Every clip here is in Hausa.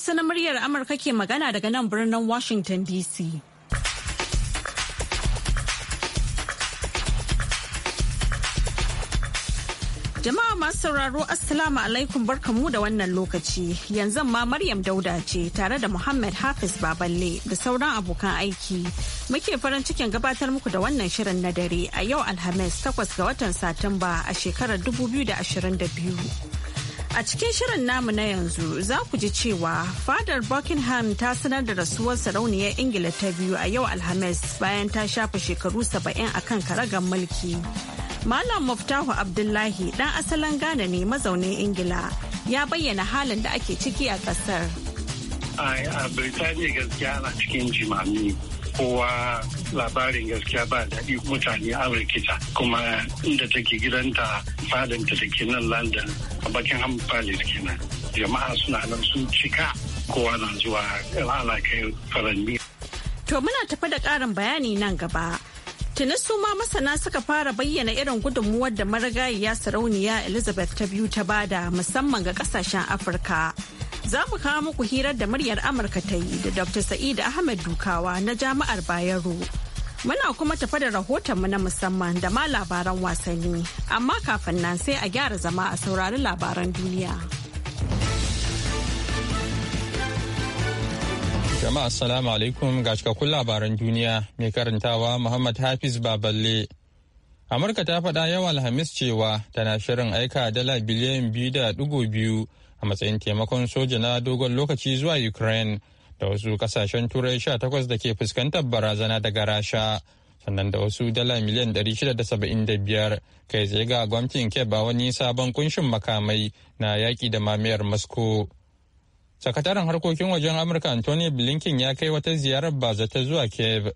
Hausa na muryar Amurka ke magana daga nan birnin Washington DC. Jama'a masu sauraro Assalamu alaikum barkamu da wannan lokaci. Yanzu ma Maryam Dauda ce tare da Muhammad Hafiz Baballe da sauran abokan aiki. Muke farin cikin gabatar muku da wannan shirin na dare a yau Alhamis 8 ga watan Satumba a shekarar 2022. A cikin shirin namu na yanzu za ku ji cewa fadar Buckingham ta sanar da rasuwar sarauniyar Ingila ta biyu a yau Alhamis bayan ta shafa shekaru saba'in a kan karagar mulki. Malam Muftahu Abdullahi ɗan asalin Ghana ne mazaunin Ingila ya bayyana halin da ake ciki a kasar A Birtaniya gaskiya ana cikin jimami kowa labarin gaskiya ba daɗi mutane an kuma inda take gidanta fadanta take nan London a bakin ham palace kenan jama'a suna nan sun cika kowa na zuwa ala kai faranni to muna tafi da ƙarin bayani nan gaba tuni suma masana suka fara bayyana irin gudunmuwar da marigayiya sarauniya elizabeth ta biyu ta bada musamman ga kasashen afirka za mu kawo muku hirar da muryar amurka ta yi da dr sa'id ahmed dukawa na jami'ar bayero Muna kuma tafa da rahotonmu na musamman da ma labaran wasanni, amma kafin nan sai a gyara zama a saurari labaran duniya. Jama'a Assalamu alaikum ga cikakkun labaran duniya mai karantawa Muhammad Hafiz Baballe. Amurka ta faɗa yau Alhamis cewa tana shirin aika dala biliyan biyu da ɗigo biyu a matsayin taimakon soja na dogon lokaci zuwa Ukraine da wasu kasashen turai 18 da ke fuskantar barazana daga rasha sannan da wasu dala miliyan 675 kai tsaye ga gwamnatin ba wani sabon kunshin makamai na yaƙi da mamayar moscow sakataren harkokin wajen amurka anthony blinken ya kai wata ziyarar bazata zuwa kiev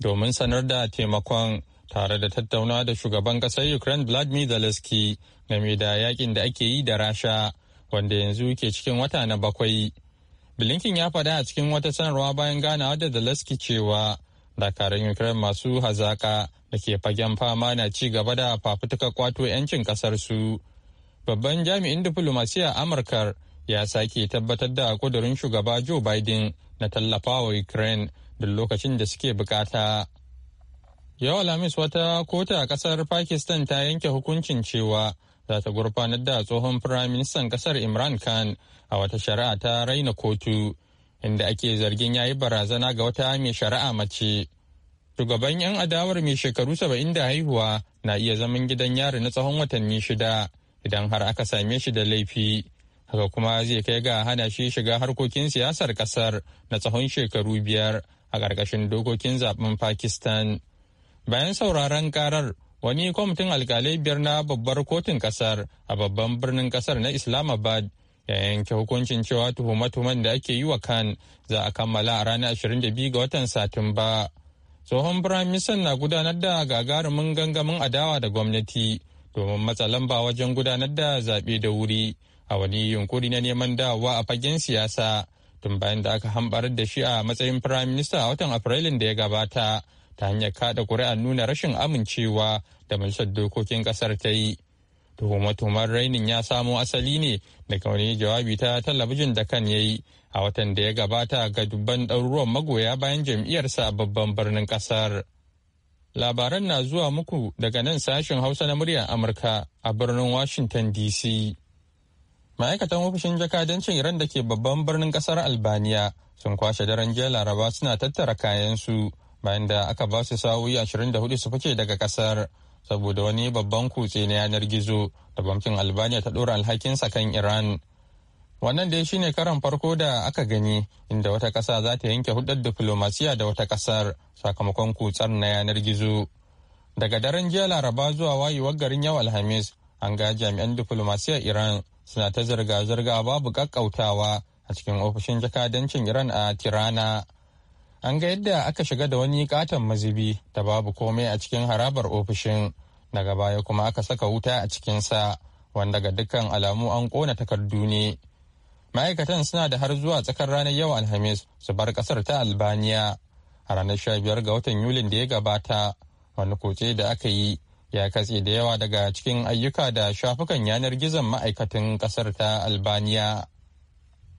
domin sanar da taimakon tare da tattaunawa da shugaban kasar ukraine vladimir zelensky game da yakin da ake yi da rasha wanda yanzu ke cikin wata na bakwai Blinken ya faɗa a cikin wata sanarwa bayan ganawa da Zelensky cewa dakarun Ukraine masu hazaka da ke fagen fama na ci gaba da fafutuka kwato 'yancin ƙasarsu. Babban jami'in diflomasiya amurka ya sake tabbatar da kudurin shugaba Joe Biden na tallafawa Ukraine da lokacin da suke bukata. Yau Alhamis wata kota a kasar Pakistan ta yanke hukuncin cewa za ta gurfanar da tsohon firaministan kasar Imran Khan a wata shari'a ta raina kotu inda ake zargin ya yi barazana ga wata mai shari'a mace. Shugaban 'yan adawar mai shekaru saba'in da haihuwa na iya zaman gidan yari na tsawon watanni shida idan har aka same shi da laifi. Haka kuma zai kai ga hana shi shiga harkokin siyasar kasar na tsawon shekaru biyar a ƙarƙashin dokokin zaben Pakistan. bayan sauraron karar wani kwamitin alkalai biyar na babbar kotun kasar a babban birnin kasar na islamabad ya yanke hukuncin cewa tuhume-tuhumen da ake yi wa kan za a kammala a ranar 22 ga watan satumba tsohon firaministan na gudanar da gagarumin gangamin adawa da gwamnati domin matsalan ba wajen gudanar da zaɓe da wuri a wani yunkuri na neman dawowa a fagen siyasa tun bayan da aka hambar da shi a matsayin firaminista a watan afrilun da ya gabata ta hanyar kada kuri'ar nuna rashin amincewa da majalisar dokokin kasar ta yi tuhumar rainin ya samo asali ne daga wani jawabi ta talabijin da kan ya yi a watan da ya gabata ga dubban ɗaruruwan magoya bayan jam'iyyarsa a babban birnin ƙasar. Labaran na zuwa muku daga nan sashen Hausa na muryar Amurka a birnin Washington DC. Ma'aikatan ofishin jakadancin Iran da ke babban birnin ƙasar Albaniya sun kwashe daren jiya Laraba suna tattara kayansu bayan da aka ba su sa'o'i 24 su fice daga kasar saboda wani babban kutse na yanar gizo da bankin albania ta dora alhakinsa kan iran wannan dai shine karan farko da aka gani inda wata kasa za ta yanke hudar diplomasiya da wata kasar sakamakon kutsar na yanar gizo daga daren jiya laraba zuwa wayewar garin yau alhamis an ga jami'an diplomasiya iran suna ta zirga-zirga babu kakkautawa a cikin ofishin jakadancin iran a tirana an ga yadda aka shiga da wani katon mazubi da babu komai a cikin harabar ofishin daga baya kuma aka saka wuta a cikinsa wanda ga dukkan alamu an kona takardu ne ma'aikatan suna da har zuwa tsakar ranar yau alhamis su bar kasar ta albaniya a ranar sha biyar ga watan yulin da ya gabata wani kotse da aka yi ya katse da yawa daga cikin ayyuka da shafukan yanar gizon ma'aikatan kasar ta albaniya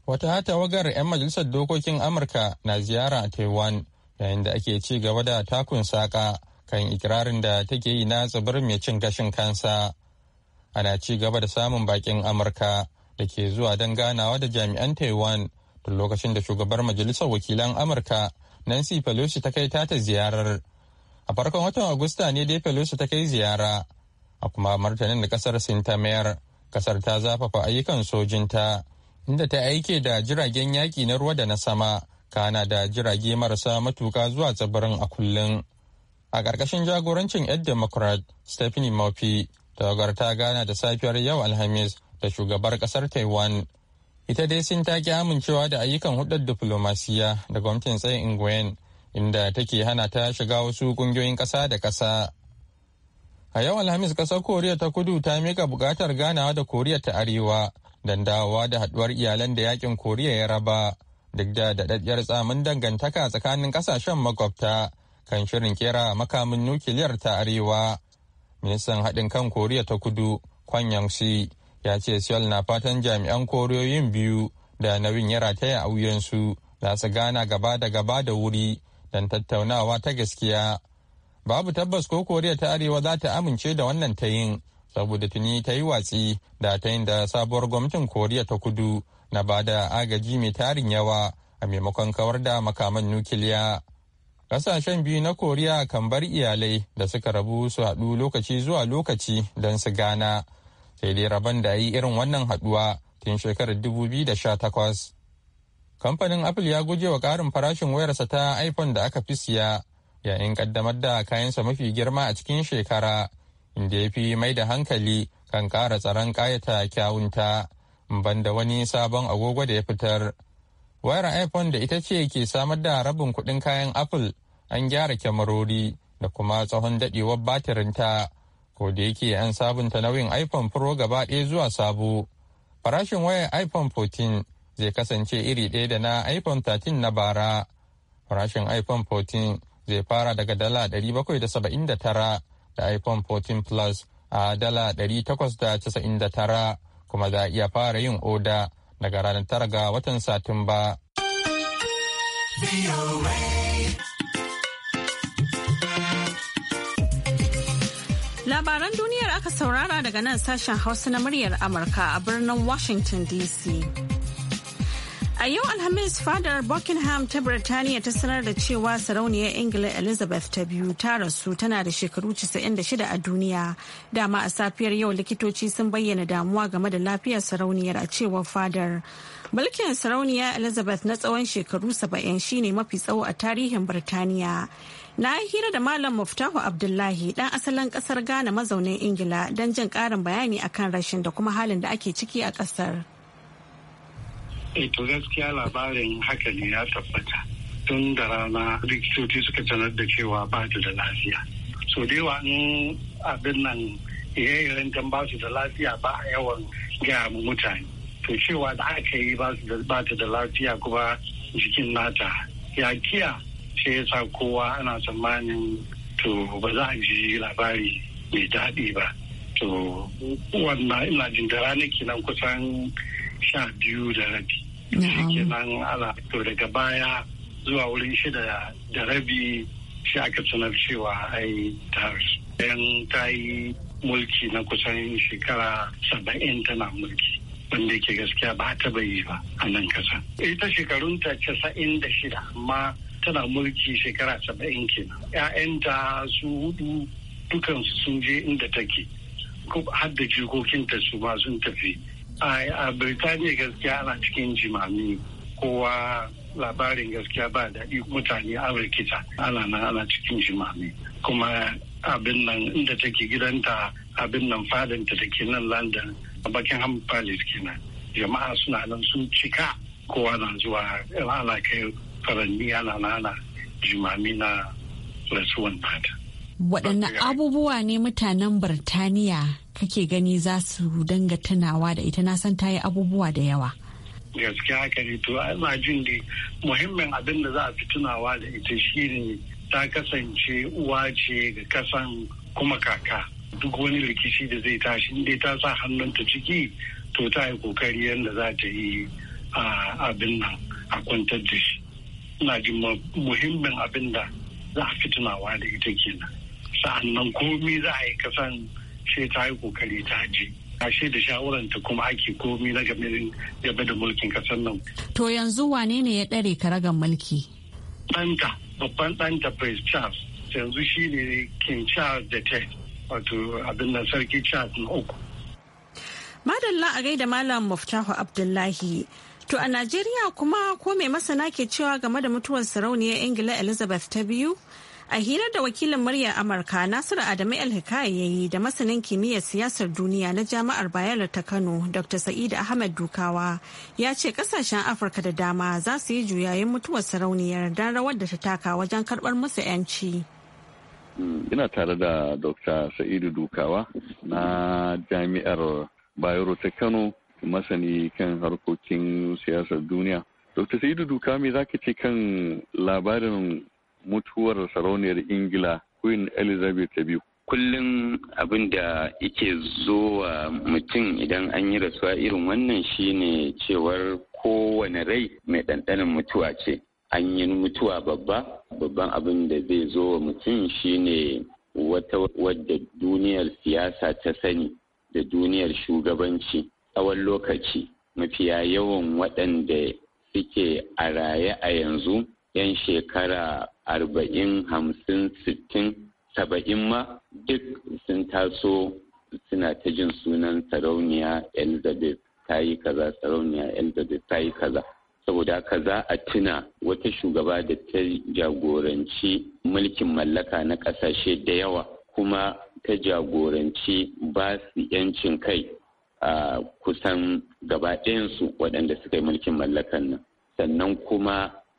Wata tawagar 'yan majalisar dokokin Amurka na ziyara a Taiwan yayin da ake ci gaba da takun saƙa kan ikirarin da take yi na tsibirin mai cin gashin kansa. Ana ci gaba da samun baƙin Amurka da ke zuwa don ganawa da jami'an Taiwan tun lokacin da shugabar majalisar wakilan Amurka Nancy Pelosi ta kai tata ziyarar. A farkon watan Agusta ne dai Pelosi ta kai ziyara. A kuma martanin da kasar Sin mayar, kasar ta zafafa ayyukan sojinta inda ta aike da jiragen yaƙi na ruwa da na sama kana da jirage marasa matuka zuwa tsibirin a kullum a ƙarƙashin jagorancin 'yan democrat stephanie murphy tawagar ta gana da safiyar yau alhamis da shugabar ƙasar taiwan ita dai sun ta amincewa da ayyukan hudar diflomasiya da gwamnatin tsayin nguyen inda take hana ta shiga wasu ƙungiyoyin ƙasa da ƙasa a yau alhamis ƙasar koriya ta kudu ta mika buƙatar ganawa da koriya ta arewa don dawowa da haduwar iyalan da yakin koriya ya raba duk da daɗaɗɗiyar tsamin dangantaka tsakanin ƙasashen makwabta kan shirin kera makamin nukiliyar ta arewa ministan haɗin kan koriya ta kudu kwan yangsi ya ce seoul na fatan jami'an koriyoyin biyu da nauyin ya rataya a wuyansu za su gana gaba da gaba da wuri don tattaunawa ta gaskiya babu tabbas ko koriya ta arewa za ta amince da wannan ta yin saboda tuni ta yi watsi da ta yin da sabuwar gwamnatin koriya ta kudu na ba da agaji mai tarin yawa a maimakon kawar da makaman nukiliya kasashen biyu na koriya kan bar iyalai da suka rabu su haɗu lokaci zuwa lokaci don su gana sai dai rabon da yi irin wannan haɗuwa tun shekarar 2018 kamfanin apple ya guje wa ƙarin farashin wayarsa ta iphone da aka fi siya yayin ƙaddamar da kayansa mafi girma a cikin shekara inda ya fi mai da hankali kan kara tsaron kayata kyawunta banda wani sabon agogo da ya fitar. Wayar iPhone da ita ce ke samar da rabin kuɗin kayan Apple an gyara kyamarori da kuma tsohon daɗewar batirinta, ko da yake an sabunta nauyin iPhone Pro gaba ɗaya zuwa sabo. Farashin wayar iPhone 14 zai kasance iri ɗaya da na iPhone 13 na bara. Farashin iPhone 14 zai fara daga dala 779 da iphone 14 plus a dala 899 kuma za a iya fara yin oda daga ranar tara ga watan satin ba. Labaran duniyar aka saurara daga nan sashen Hausa na muryar Amurka a birnin Washington DC. A yau Alhamis fadar Buckingham ta Birtaniya ta sanar da cewa sarauniyar Ingila Elizabeth ta biyu ta rasu tana da shekaru 96 a duniya. Dama a safiyar yau likitoci sun bayyana damuwa game da lafiyar sarauniyar a cewar fadar. Mulkin sarauniya Elizabeth na tsawon shekaru 70 shine mafi tsawo a tarihin Birtaniya. Na yi hira da Malam Muftahu Abdullahi dan asalin kasar Ghana mazaunin Ingila don jin karin bayani akan rashin da kuma halin da ake ciki a kasar. Eh, to gaskiya labarin haka ne ya tabbata tun da rana likitoci suka sanar da cewa ba da lafiya so dai wa in abin nan yi rantan ba su da lafiya ba a yawan gaya mu mutane to cewa da aka yi ba ta da lafiya kuma jikin nata ya kiya sai yasa kowa ana tsammanin to ba za a ji labari mai daɗi ba to wannan ina jin da ranar kenan kusan sha biyu da rabi kenan ana to daga baya zuwa wurin shida da rabi shi aka sanar cewa ai taris yan ta yi mulki na kusan shekara saba'in tana mulki wanda ke gaskiya ba ta bayi ba a nan kasa ita ta casa'in da shida amma tana mulki shekara saba'in kenan ‘ya'yanta su hudu dukansu sun je inda take har da jikokinta su ma sun tafi a birtaniya gaskiya ana cikin jimami kowa labarin gaskiya ba daɗi mutane a rikita ana nan ana cikin jimami kuma abin nan inda take gidanta abin nan fadanta da ke nan london a bakin palace kenan jama'a suna nan sun cika kowa na zuwa ana kai faranni ana nana jimami na rasuwan fata waɗanne abubuwa ne mutanen birtaniya kake gani za su danga tunawa da ita na san ta yi abubuwa da yawa gaskiya haka ne to ina jin da muhimmin abin da za a fi tunawa da ita shine ta kasance uwa ce ga kasan kuma kaka duk wani rikici da zai tashi inda dai ta sa hannunta ciki to ta yi kokari yadda za ta yi abin nan a kwantar da shi ina jin muhimmin abin da za a fi tunawa da ita kenan sa'annan komi za a yi kasan sai ta yi kokari ta je ashe da shawaranta kuma ake komi na game da mulkin kasar nan. To yanzu wane ne ya ɗare raga mulki? Ɗanta, babban ɗanta Prince Charles yanzu shi ne King Charles da Ted, wato abin nan sarki Charles na uku. Madalla a gaida Malam Muftahu Abdullahi. To a Najeriya kuma ko mai masana ke cewa game da mutuwar sarauniyar Ingila Elizabeth ta biyu? A hirar da wakilin muryar Amurka Nasiru Adamu El yi da masanin kimiyyar siyasar duniya na Jami'ar Bayero ta Kano Dr. Sa'id Ahmed Dukawa ya ce kasashen Afirka da dama za su yi juyayin mutuwar sarauniyar dan rawar da ta taka wajen karbar musu 'yanci. Ina tare da Dr. Sa'idu Dukawa na Jami'ar Bayero ta Kano masani kan harkokin siyasar duniya. Dr. Sa'idu Dukawa me zaka ce kan labarin mutuwar sarauniyar ingila queen elizabeth ta biyu kullum abin da yake zowa mutum idan an yi rasuwa irin wannan shine cewar kowane rai mai ɗanɗanin mutuwa ce an yi mutuwa babba babban abin da zai zo wa mutum shine wata wadda duniyar siyasa ta sani da duniyar shugabanci tsawon lokaci mafiya yawan waɗanda suke a raye a yanzu 'yan shekara arba'in hamsin sittin saba'in ma duk sun taso suna ta jin sunan sarauniya elizabeth ta yi kaza sarauniya elizabeth ta yi kaza saboda haka za a tuna wata shugaba da ta jagoranci mulkin mallaka na kasashe da yawa kuma ta jagoranci ba su yancin kai a kusan gabaɗayansu waɗanda suka yi mulkin mallakan nan sannan kuma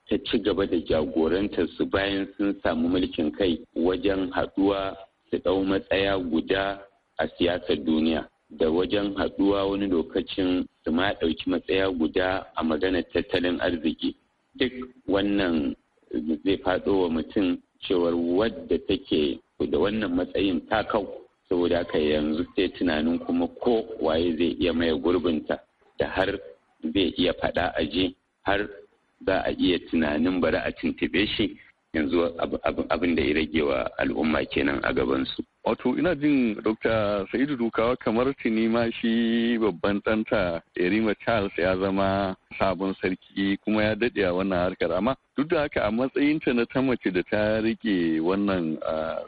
ta ci gaba da jagorantar su bayan sun samu mulkin kai wajen haɗuwa su ɗau matsaya guda a siyasar duniya da wajen haɗuwa wani lokacin su ma ɗauki matsaya guda a maganar tattalin arziki duk wannan zai faɗo wa mutum cewar wadda take da wannan matsayin ta kau saboda haka yanzu sai tunanin kuma ko waye zai iya maye gurbinta da har zai iya faɗa aje har za a iya tunanin bari a tuntube shi yanzu abin da ya rage wa al'umma kenan a gabansu. Wato ina jin Dokta Sa'idu Dukawa kamar tuni ma shi babban ɗanta Erima Charles ya zama sabon sarki kuma ya daɗe a wannan harkar amma duk da haka a matsayinta na ta mace da ta rike wannan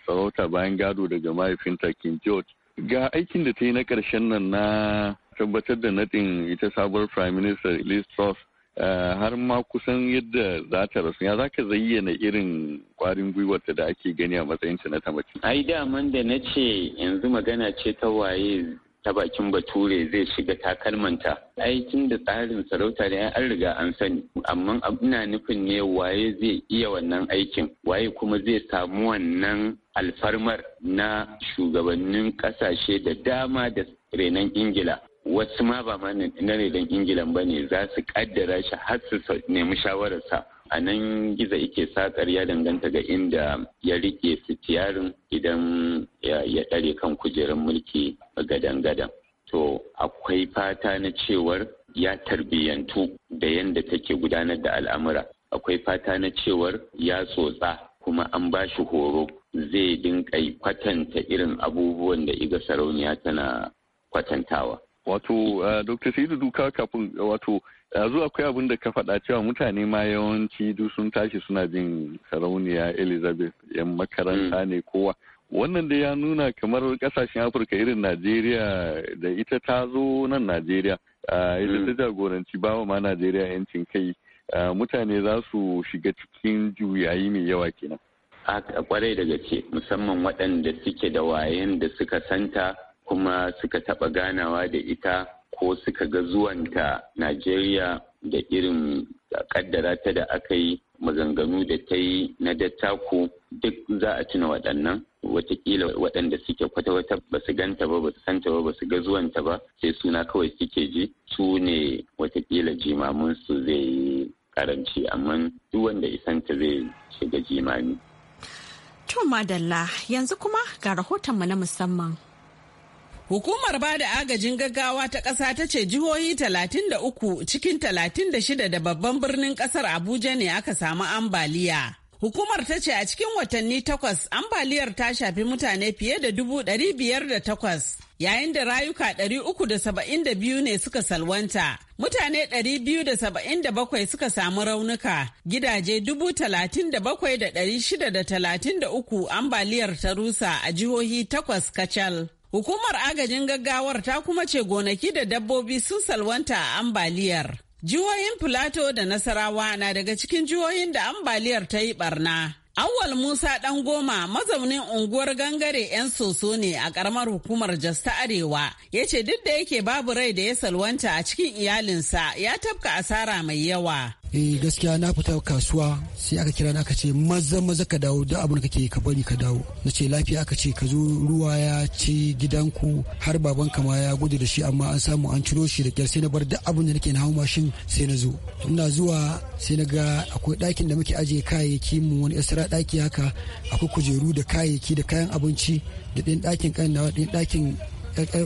sarauta bayan gado daga mahaifinta King George ga aikin da ta yi na karshen nan na tabbatar da naɗin ita sabuwar Prime Minister Liz Truss Eh, har ma kusan yadda za ta rasu ya zaka zayyana irin kwarin gwiwarta da ake gani a matsayin ta na tamaki. ai daman da na ce yanzu magana ce ta waye ta bakin bature zai shiga takalmanta aikin da tsarin sarauta da an riga an sani amma ina nufin ne waye zai iya wannan aikin waye kuma zai samu wannan alfarmar na shugabannin kasashe da dama da renon ingila wasu ma ba ma na ingilan ba ne za su kaddara shi har su nemi shawararsa a nan giza ike sakar ya danganta ga inda ya rike sitiyarin idan ya ɗare kan kujerar mulki gadan-gadan to akwai fata na cewar ya tarbiyyantu da yadda take gudanar da al'amura akwai fata na cewar ya tsotsa kuma an ba shi horo zai dinka kwatanta irin abubuwan da iga sarauniya tana kwatantawa wato eh, dr saidu duka kafin wato yanzu akwai abin da ka faɗa cewa mutane ma yawanci duk sun tashi suna jin sarauniya elizabeth yan makaranta hmm. ne kowa wannan da ya nuna kamar kasashen afirka irin najeriya da ita ta zo nan najeriya ah, ita ta hmm. jagoranci bawa ma najeriya yancin kai ah, mutane za su shiga cikin juyayi mai yawa kenan a kwarai daga gaske musamman waɗanda suke da wayen da suka santa kuma suka taɓa ganawa da ita ko suka ga zuwanta Najeriya da irin kaddara ta da aka yi maganganu da ta yi na dattako duk za a tuna waɗannan watakila waɗanda suke kwata-kwata ba su ganta ba ba su santa ba ba su ga zuwanta ba sai suna kawai suke ji su ne watakila jimaminsu zai karanci amma duk wanda isanta zai shiga jimami. To madalla yanzu kuma ga rahoton rahotonmu na musamman. Hukumar ba da agajin gaggawa ta ƙasa ta ce jihohi 33 cikin 36 da babban birnin ƙasar Abuja ne aka samu ambaliya. Hukumar ta ce a cikin watanni takwas ambaliyar ta shafi mutane fiye da dubu ɗari biyar da takwas yayin da rayuka ɗari uku da saba'in da biyu ne suka salwanta. Mutane ɗari biyu da saba'in da bakwai suka samu raunuka gidaje dubu talatin da bakwai da ɗari shida da talatin da uku ambaliyar ta rusa a jihohi takwas kacal. Hukumar agajin gaggawar ta kuma ce gonaki da dabbobi sun salwanta a ambaliyar. Jihohin Filato da Nasarawa na daga cikin jihohin da ambaliyar ta yi barna. Awal Musa ɗan goma mazaunin unguwar gangare 'yan soso ne a ƙaramar hukumar Jos ta Arewa ya ce duk da yake babu rai da ya salwanta a cikin iyalinsa ya tafka asara mai yawa. eh gaskiya na fita kasuwa sai aka kira na aka maza maza ka dawo da abin da kake ka bari ka dawo na ce lafiya aka ce ka zo ruwa ya ci gidanku har baban ma ya gudu da shi amma an samu an ciro shi da kyar sai na bar da abin da nake na hau mashin sai na zo ina zuwa sai na ga akwai ɗakin da muke ajiye kayayyaki mu wani isra ɗaki haka akwai kujeru da kayayyaki da kayan abinci da ɗin ɗakin kan na ɗin ɗakin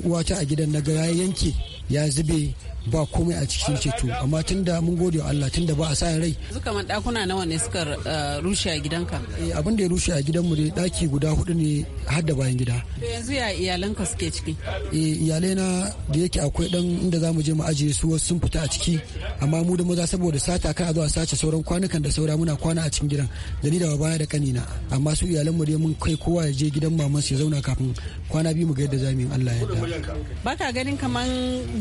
uwata a gidan na ga ya yanke ya zube ba komai a cikin ceto amma tun da mun gode wa Allah tun da ba a sa rai suka man dakuna nawa ne suka eh, rushe a gidanka eh, abin da ya rushe a gidanmu ne daki guda hudu ne har da bayan gida yanzu ya iyalanka suke ciki eh iyalai na da yake akwai dan inda mu je mu ajiye su wasu sun fita a ciki amma mu da maza saboda sata kan a zo a sace sauran kwanukan da saura muna kwana a cikin gidan da ni da baya da kanina amma su iyalanmu dai mun kai kowa ya je gidan mamansu ya zauna kafin kwana biyu mu ga yadda zamu yi Allah ya yarda baka ganin kaman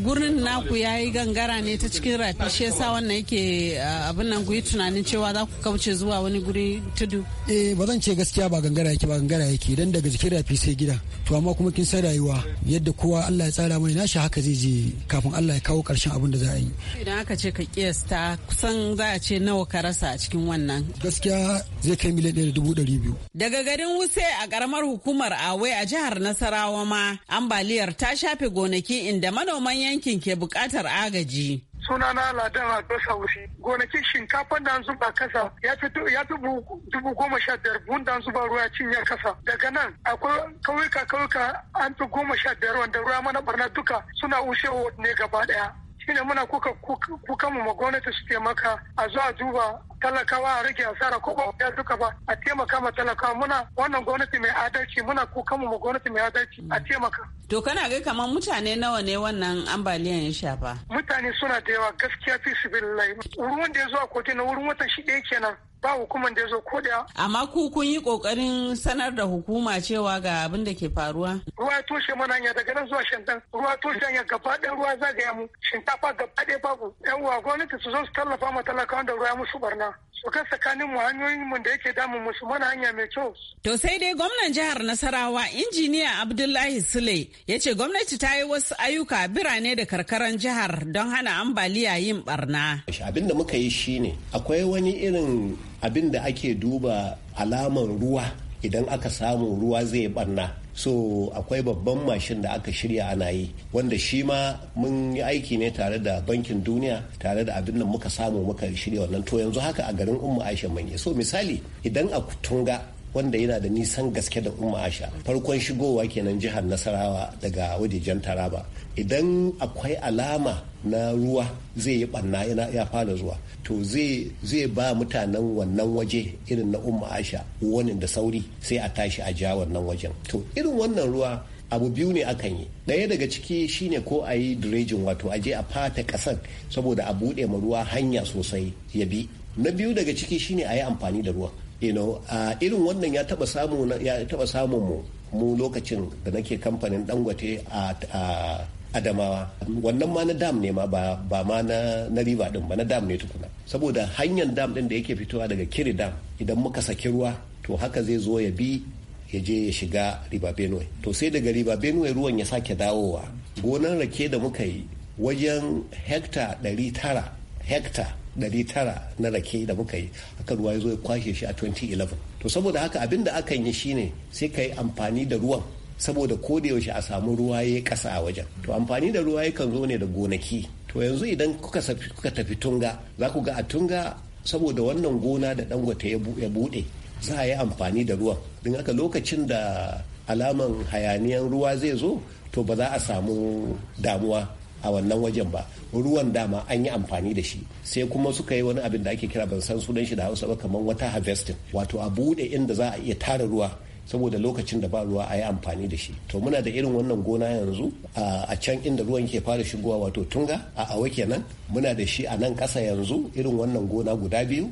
gurin naku ya yi gangara ne ta cikin rafi shi yasa wannan yake ah, abin nan ku yi tunanin cewa za ku kauce zuwa wani guri tudu eh ba zan ce gaskiya ba gangara yake ba gangara yake dan daga jikin rafi sai gida to amma kuma kin san rayuwa yadda kowa Allah ya tsara mai nashi haka zai je kafin Allah ya kawo karshen abin da za a yi idan aka ce ka kiyasta kusan za a ce nawa ka rasa a cikin wannan gaskiya zai kai miliyan ɗaya da dubu ɗari biyu daga garin wuse a karamar hukumar awe a jihar nasarawa ma ambaliyar ta shafe gonaki inda manoman yankin ke bukatar agaji sunana ladan ado sausi gonakin shinkafan da an zuba kasa ya fi dubu goma sha biyar buhun da an zuba ruwa cinye kasa daga nan akwai kauyuka kauyuka an fi goma sha biyar wanda ruwa mana barna duka suna ushe ne gaba daya shine muna kuka kukan mu gwamnati su taimaka a zuwa a duba talakawa a rage asara ko ba ya duka ba a taimaka ma talakawa muna wannan gwamnati mai adalci muna kuka mu gwamnati mai adalci a taimaka. To kana ga kamar mutane nawa ne wannan ambaliyan ya shafa? Mutane suna da yawa gaskiya fi su bin Wurin wanda ya zo a kogi na wurin watan shi ɗaya kenan. ba hukumar da ya zo ko da. Amma ku kun yi kokarin sanar da hukuma cewa ga abin da ke faruwa. Ruwa ya toshe mana hanya daga nan zuwa shantan. Ruwa toshe hanya gaba ɗaya ruwa zagaya mu. Shinkafa gaba ɗaya babu. Yan uwa gwamnati su zo su tallafa ma talakawan da ruwa ya musu barna. Su tsakanin mu hanyoyin mu da yake damu musu mana hanya mai kyau. To sai dai gwamnan jihar Nasarawa injiniya Abdullahi Sule ya ce gwamnati ta yi wasu ayyuka birane da karkaran jihar don hana ambaliya yin barna. Abin da muka yi shine akwai wani irin abin da ake duba alaman ruwa idan aka samu ruwa zai barna so akwai babban mashin da aka shirya ana yi wanda shi ma mun yi aiki ne tare da bankin duniya tare da abin da muka samu muka shirya wannan to yanzu haka a garin umma aisha manya so misali idan a tunga wanda yana da nisan gaske da umma asha farkon shigowa kenan jihar nasarawa daga wajejen taraba idan akwai alama na ruwa zai yi banna ya fara zuwa to zai ba mutanen wannan waje irin na umma asha wani da sauri sai a tashi a ja wannan wajen to irin wannan ruwa abu biyu ne akan yi ɗaya daga ciki shine ko a yi direjin wato a je a fata ƙasar saboda a buɗe ma ruwa hanya sosai ya bi na biyu daga ciki shine a yi amfani da ruwa you know uh, irin wannan ya taba samu ya taba samun mu mu lokacin da nake kamfanin dangote a adamawa wannan ma na dam ne ma ba, ba ma na, na riba din ba na dam ne tukuna saboda hanyar dam din da yake fitowa daga kiri dam idan muka saki ruwa to haka zai zo ya bi ya je ya shiga riba benue to sai daga riba benue ruwan ya sake dawowa gonan rake da muka yi wajen hekta 900 hekta 900 na rake da muka yi haka ruwa ya zo ya kwashe shi a 2011 to saboda haka abin da akan yi shine sai ka yi amfani da ruwan saboda ko da yaushe a samu ruwa ya yi kasa a wajen to amfani da ruwa kan zo ne da gonaki to yanzu idan kuka tafi tunga za ku ga a tunga saboda wannan gona da dangote ya bude za a yi amfani da ruwan don haka lokacin da alaman hayaniyan ruwa zai zo to ba za a samu damuwa a wannan wajen ba ruwan dama an yi amfani da shi sai kuma suka yi wani abin da ake kira ban san sunan shi da hausa ba kamar wata harvesting wato a bude inda za a iya tara ruwa saboda lokacin da ba ruwa a yi amfani da shi to muna da irin wannan gona yanzu a can inda ruwan ke fara shigowa wato tunga a awa kenan muna da shi a nan kasa yanzu irin wannan gona guda biyu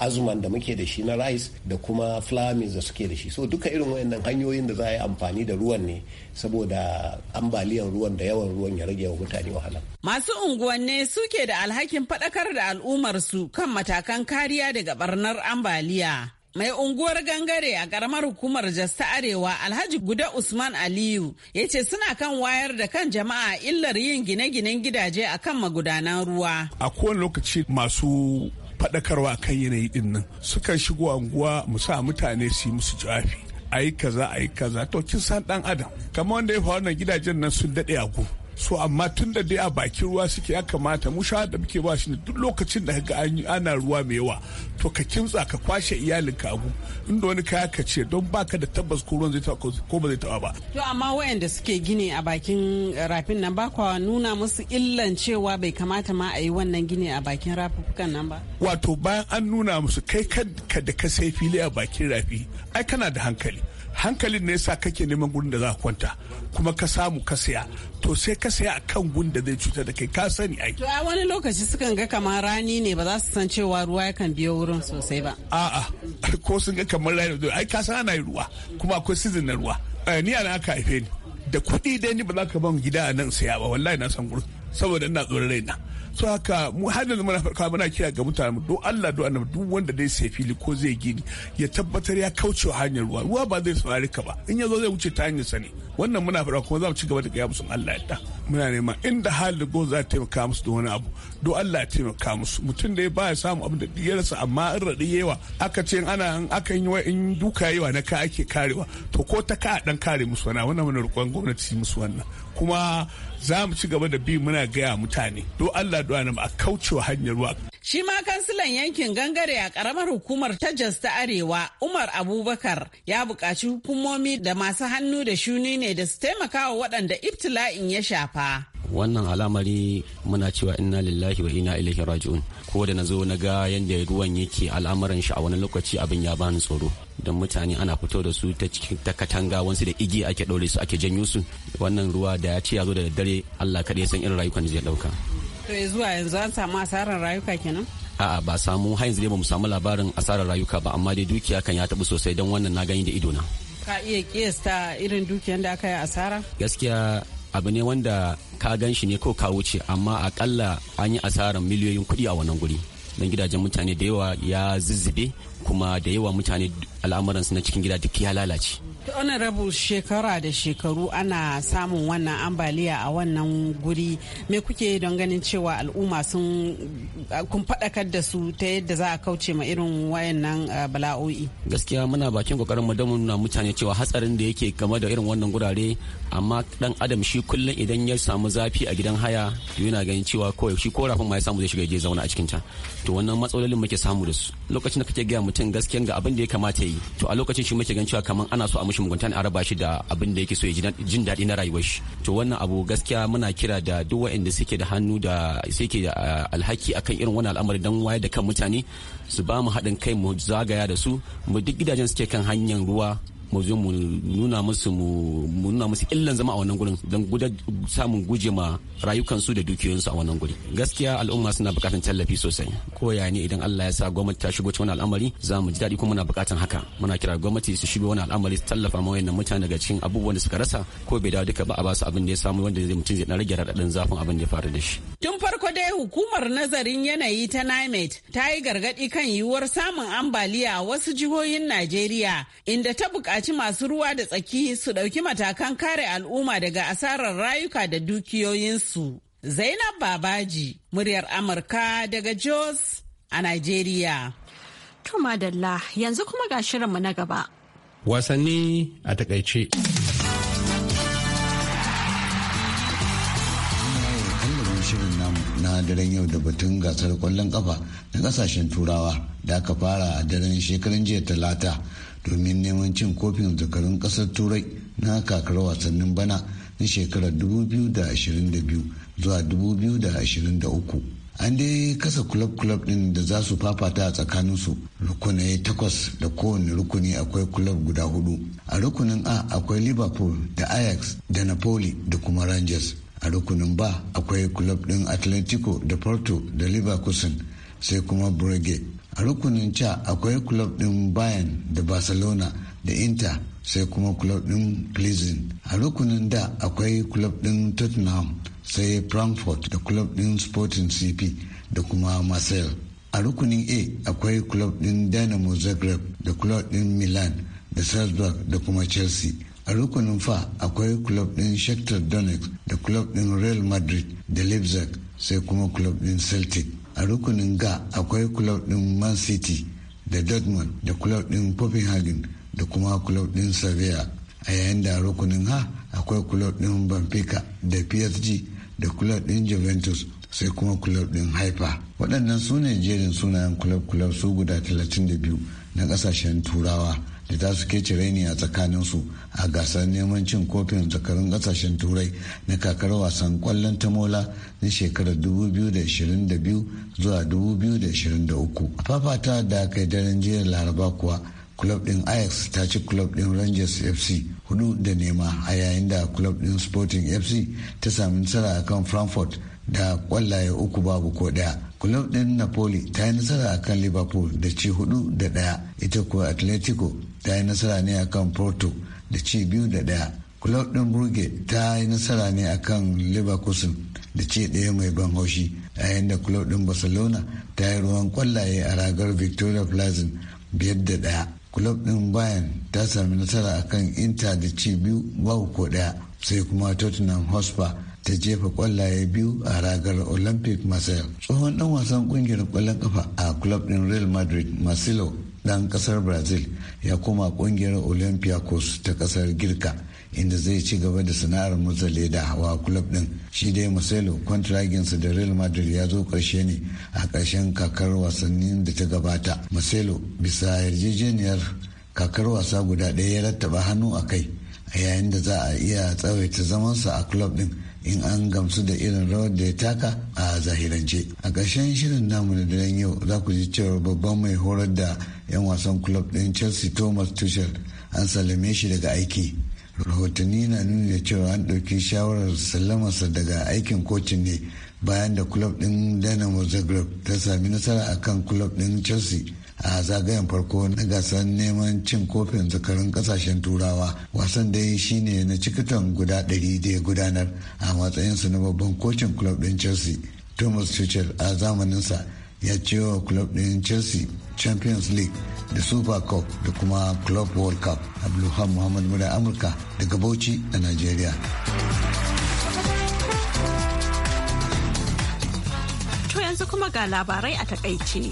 azuman da muke da shi na rice da kuma flamin da suke da shi so duka irin wayannan hanyoyin da za a yi amfani da ruwan ne saboda ambaliyan ruwan da yawan ruwan ya rage wa mutane wahala masu unguwanne suke da alhakin faɗakar da al'ummar su kan matakan kariya daga barnar ambaliya Mai unguwar gangare a karamar hukumar jasta Arewa Alhaji Guda Usman Aliyu ya ce suna kan wayar da kan jama'a illar yin gine-ginen gidaje a kan magudanan ruwa. A kowane lokaci masu faɗakarwa kan yanayi ɗin nan sukan shigo anguwa mu sa mutane su yi musu jawabi a yi kaza a yi kaza to kin san ɗan adam kamar wanda ya faru na gidajen nan sun daɗe a gu so amma tun da dai a bakin ruwa suke ya kamata mu sha da muke ba shi ne duk lokacin da ga ana ruwa mai yawa to ka kintsa ka kwashe iyalin ka abu inda wani kaya ka ce don baka da tabbas ko ruwan zai taba ko ba zai taba ba to amma wayanda suke gini a bakin rafin nan ba kwa nuna musu illan cewa bai kamata ma a yi wannan gini a bakin rafukan nan ba wato bayan an nuna musu kai ka da ka sai fili a bakin rafi ai kana da hankali hankalin ne sa kake neman gurin da za ka kwanta kuma ka samu ka saya to sai ka saya akan gun da zai cutar da kai ka sani ai to a wani lokaci sukan ga kamar rani ne ba za su san cewa ruwa yakan biyo wurin sosai ba a ko sun ga kamar rani ai ka san ana ruwa kuma akwai season na ruwa eh, ni ana aka haife ni da kuɗi dai ni ba za ka ban gida a nan saya ba wallahi na san gurin saboda ina tsoron raina so haka mu har da muna farka muna kira ga mutane don Allah don annabi duk wanda dai sai fili ko zai gini ya tabbatar ya kauce hanyar ruwa ruwa ba zai saurari ka ba in ya zo zai wuce ta hanyar sani wannan muna farka kuma za mu ci gaba da gaya musu Allah ya muna nema inda hal da go za ta taimaka musu da wani abu don Allah ya taimaka musu mutum da ya baya samu abu da rasa amma in raɗi yawa aka ce ana in aka yi in duka yawa na ka ake karewa to ko ta ka dan kare musu wani wannan muna roƙon gwamnati musu wannan kuma za mu ci gaba da bi muna gaya mutane do Allah do a kaucewa hanyar ruwa. Shi ma kansilan yankin gangare a karamar hukumar ta Jos ta Arewa Umar Abubakar ya buƙaci hukumomi da masu hannu da shuni ne da su taimakawa waɗanda ibtila'in ya shafa. wannan al'amari muna cewa inna lillahi wa ina ilaihi raji'un ko da na na ga yadda ruwan yake al'amuran shi a wani lokaci abin ya bani tsoro don mutane ana fito da su ta cikin ta katanga wansu da igi ake ɗaure su ake janyo su wannan ruwa da ya ce ya zo da daddare Allah kaɗai san irin rayukan da zai ɗauka. To zuwa yanzu an samu asarar rayuka kenan? a'a ba samu har yanzu dai mu samu labarin asarar rayuka ba amma dai dukiya kan ya tabu sosai don wannan na gani da idona ka iya kiyasta irin dukiyar da aka yi asara gaskiya abu ne wanda ka gan shi ne ko ka wuce amma akalla an yi asarar miliyoyin kuɗi a wannan guri don gidajen mutane da yawa ya zizzibe. kuma da yawa mutane al'amuransu na cikin gida duk ya lalace rabu shekara da shekaru ana samun wannan ambaliya a wannan guri me kuke don ganin cewa al'umma sun kun faɗakar da su ta yadda za a kauce ma irin wayannan uh, bala'o'i gaskiya muna bakin kokarin mu nuna mutane cewa hatsarin da yake game da irin wannan gurare amma dan adam shi kullum idan ya samu zafi a gidan haya to yana ganin cewa kawai shi korafin ma ya samu zai shiga je zauna a cikin ta to wannan matsalolin muke samu da su lokacin da kake gaya mu mutum gaskiyan ga abin da ya kamata yi to a lokacin shi muke gan cewa kamar ana so a mishi mugunta ne a raba shi da abin da yake so ya jin daɗi na rayuwar shi to wannan abu gaskiya muna kira da duk waɗanda suke da hannu da suke da alhaki akan irin wannan al'amari dan waye da kan mutane su ba mu haɗin kai mu zagaya da su mu duk gidajen suke kan hanyar ruwa mu zo mu nuna musu mu nuna musu illan zama a wannan gurin don samun guje ma rayukansu da dukiyoyinsu a wannan guri gaskiya al'umma suna bukatan tallafi sosai ko ya ne idan Allah ya sa gwamnati ta shigo cikin al'amari za mu ji daɗi kuma muna bukatan haka muna kira gwamnati su shigo wani al'amari su tallafa ma wayannan mutane daga cikin abubuwan da suka rasa ko bai dawo duka ba a basu su abin da ya samu wanda zai mutum zai rage raɗaɗin zafin abin da ya faru da shi Tun farko dai hukumar nazarin yanayi ta NIMET ta yi gargaɗi kan yiwuwar samun ambaliya a wasu jihohin Najeriya inda ta buƙaci masu ruwa da tsaki su ɗauki matakan kare al'umma daga asarar rayuka da dukiyoyinsu. Zainab Babaji, muryar Amurka daga Jos a Najeriya. Tuma yanzu kuma ga shirinmu na gaba. Wasanni a takaice. daren yau da batun gasar kwallon kafa na kasashen turawa da aka fara a daren shekaran jiya talata domin neman cin kofin zakarun kasar turai na kakar wasannin bana na shekarar 2022 zuwa 2023 an dai kasa kulab-kulab din da za su fafata a tsakanin su rukunai takwas da kowane rukuni akwai kulab guda hudu a rukunin a akwai liverpool da ajax da napoli da kuma rangers a rukunin ba akwai club din atletico da porto da leverkusen sai kuma brugge a rukunin ca akwai club din bayern da barcelona da inter sai kuma club din pleasing a rukunin da akwai club din tottenham sai frankfurt da club din sporting cp da kuma marcel a rukunin a akwai club din dynamo zagreb da club din milan da salzburg da kuma chelsea a rukunin fa akwai club din shakhtar donetsk da club din real madrid da leipzig sai kuma club din celtic a rukunin ga akwai club din man city da dortmund da club din copenhagen da kuma club din sevilla a yayin da rukunin ha akwai club din benfica da psg da club din juventus sai kuma club din haifa waɗannan su jerin sunayen club club su guda 32 na ƙasashen turawa da ta su kece raini a tsakaninsu a gasar neman cin kofin zakarun kasashen turai na kakar wasan kwallon ta Mola na shekarar 2022 zuwa 2023 a fafata da aka yi daren jiya laraba kuwa club din ajax ta ci club din rangers fc hudu da nema a yayin da club din sporting fc ta sami nasara akan frankfurt da kwallaye uku babu ko daya club din napoli ta yi nasara akan liverpool da ci hudu da daya ita kuwa atletico ta yi nasara ne a kan porto da ci biyu da daya club din burge ta yi nasara ne a kan leverkusen da ce daya mai ban haushi yayin da club din barcelona ta yi ruwan kwallaye a ragar victoria plazin biyar da daya club din bayan ta sami nasara a kan inter da ci biyu ba ko daya sai kuma tottenham hotspur ta jefa kwallaye biyu a ragar olympic marseille tsohon dan wasan kungiyar kwallon kafa a club din real madrid marcelo dan kasar brazil ya koma kungiyar olympiacos ta kasar girka inda zai ci gaba da sana'ar motsa leda hawa club din shi dai marcelo kwantiraginsa da real madrid ya zo karshe ne a karshen kakar wasannin da ta gabata marcelo bisa yarjejeniyar kakar wasa guda ɗaya ya rattaba hannu a kai a yayin da za a iya tsawaita zamansa a club din in an gamsu da irin rawar da ya taka a zahirance a ƙarshen shirin namu da daren yau za ku ji cewa babban mai horar da 'yan wasan club ɗin chelsea thomas tuchel an salame shi daga aiki rahotanni na nuna da cewa an ɗauki shawarar sallamarsa daga aikin kocin ne bayan da club ɗin dynamo zagreb ta sami nasara akan club ɗin chelsea a zagayen farko na gasar neman cin kofin zakarun kasashen turawa wasan da ya ne na cikitan guda ɗari da ya gudanar a matsayinsa na babban kocin club ɗin chelsea thomas tuchel a zamaninsa ya ce wa club ɗin chelsea champions league da super cup da kuma club world cup abdulham muhammad muna amurka daga bauchi a nigeria to yanzu kuma ga labarai a takaice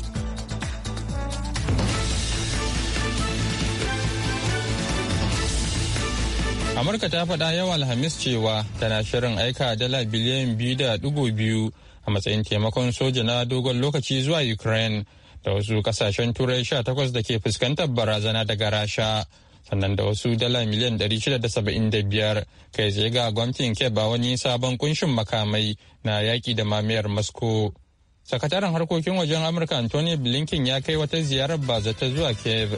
amurka ta faɗa yawa alhamis cewa tana shirin aika dala biliyan biyu da ɗigo biyu a matsayin taimakon soja na dogon lokaci zuwa ukraine da wasu kasashen turai sha takwas da ke fuskantar barazana daga rasha sannan da wasu dala miliyan ɗari shida da da saba'in biyar kai tsaye ga gwamnatin ke ba wani sabon kunshin makamai na yaƙi da mamayar masko sakataren harkokin wajen amurka anthony blinken ya kai wata ziyarar bazata zuwa kiev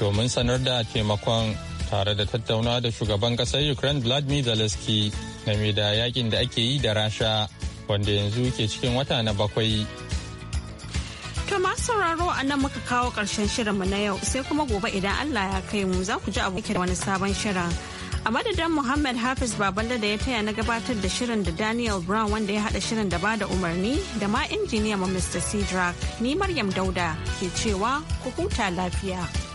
domin sanar da taimakon tare da tattaunawa da shugaban kasar ukraine vladimir zelensky game da yakin da ake yi da rasha wanda yanzu ke cikin wata na bakwai To masu sauraro a nan muka kawo ƙarshen mu na yau sai kuma gobe idan Allah ya kai mu za ku ji da wani sabon shirin. A madadin Muhammad Hafiz Baballe da ya taya na gabatar da shirin da Daniel Brown wanda ya hada shirin da bada umarni da ma injiniya ma Mr. Cedric ni Maryam Dauda ke cewa ku huta lafiya.